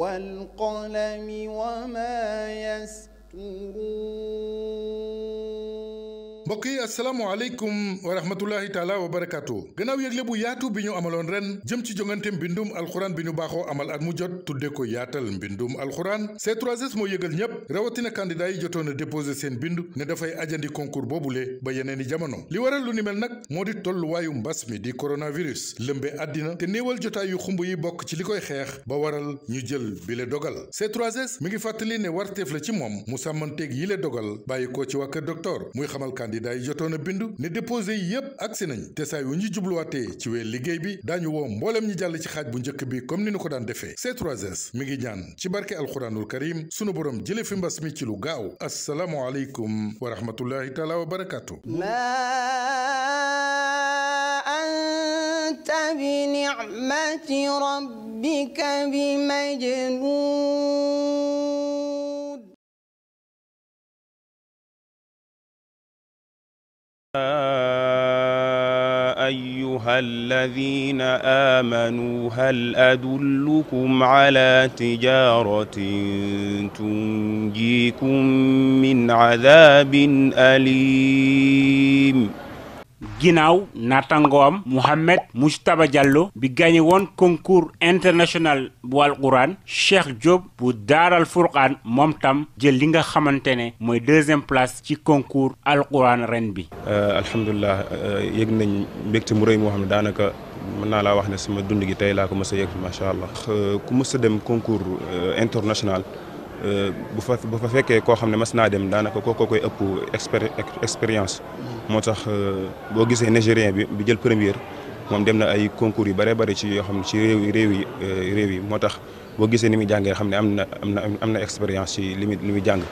والقلم وما يسطرون mbokk yi asalaamaaleykum wa rahmatullahi taala wa barakaatu gannaaw yëgle bu yaatu bi ñu amaloon ren jëm ci jongante mbindum alxuraan bi ñu baaxoo amal at mu jot tudde ko yaatal mbindum alxuraan C3S moo yëgal ñépp rawatina candidat yi jotoon a déposé seen bind ne dafay ajandi boobu boobule ba yeneen yeneeni jamono li waral lu ni mel nag moo di tolluwaayu mbas mi di coronavirus lëmbe àddina te néewal jotaay yu xumb yi bokk ci li koy xeex ba waral ñu jël bile dogal c mi ngi fàttali ne warteef la ci moom mu sàmmanteeg yile dogal bàyyi ko ci waa kër muy xamal candidat yi jotoon a bindu ne déposé yi yépp agsi nañ te saa ñu jubluwaatee ci weer liggéey bi daañu woo mbooleem ñi jàll ci xaaj bu njëkk bi comme ni ñu ko daan defee c s mi ngi ñaan ci barke alxuraanul karim sunu borom jële fi mbas mi ci lu gaaw assalaamu aleykum wa rahmatullahi taala wa barakaatu anta bi ni'mati rabbika bi majnun أيها الذين آمنوا هل أدلكم على تجارة تنجيكم من عذاب أليم ginnaaw naataangoom Mouhamed Moustaba Diallo bi gagné woon concours international bu alquran Cheikh Diop bu daaral furqaan moom tam jël li nga xamante ne mooy deuxième place ci concours alquran ren bi. Euh, alhamdulilah euh, yëg nañ mbégte mu rëy moo xam ne daanaka. mën naa laa wax ne sama dund gi tey laa ko mës a yëg macha allah euh, ku mës a dem concours international bu fa bu fa fekkee koo xam ne mas naa dem daanaka ko koy ëpp expérience moo tax euh, boo gisee nigérien bi bi jël première moom dem na ay concours yu bare bari ci yoo xam ne ci réew réew yi euh, réew yi moo tax boo gisee ni muy jàngee xam ne am na am na am na expérience ci li muy li muy jàng.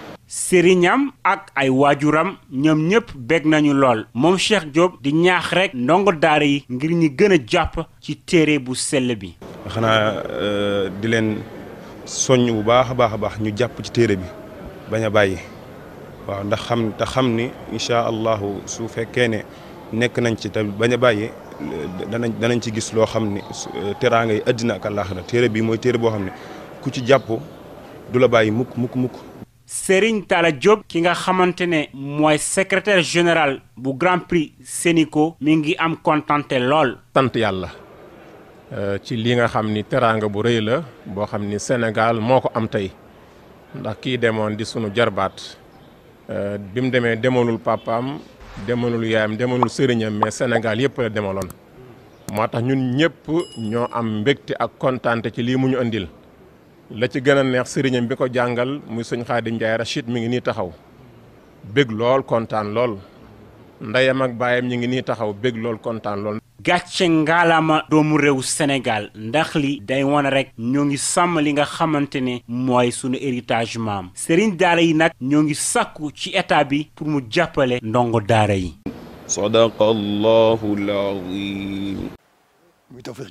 ak ay waajuram ñoom ñëpp bég nañu lool moom Cheikh Diop di ñaax rek ndongo daar yi ngir ñi gën a jàpp ci téere bu sell bi. xanaa euh, di leen soññ bu baax a baax a baax ñu jàpp ci téere bi bañ a bàyyi. waaw ndax xam te xam ni incha allahu su fekkee ne nekk nañ ci tamit bañ a bàyyi danañ danañ ci gis loo xam ni teraanga yi àddina ak àllaaxira téere bii mooy téere boo xam ne ku ci jàpp du la bàyyi mukk mukk mukk. Serigne Talla Diop ki nga xamante ne mooy secrétaire général bu Grand Prix Sénico mi ngi am kontante lool. sant yàlla euh, ci li nga xam ni teraanga bu rëy la boo xam ni Sénégal moo ko am tey ndax kii demoon di sunu jarbaat. Euh, bi mu demee demalul papaam demalul yaayam demalul sëriñam mais Sénégal yëpp la demaloon moo tax ñun ñëpp ñoo am mbégte ak kontaante ci lii mu ñu andil la ci gën a neex sëriñam bi ko jàngal muy sëñ Xaadim Njaay Rachid mi ngi nii taxaw bég lool kontaan lool ndeyam ak baayam ñu ngi ni taxaw bég lool kontaan lool. gàcce ngaalama doomu réew senegal ndax li day wane rek ñoo ngi sàmm li nga xamante ne mooy sunu héritage maam sëriñ daara yi nag ñoo ngi sàkku ci état bi pour mu jàppale ndongo daara yi. sadaqallaahu al-aziim. muy tawfeex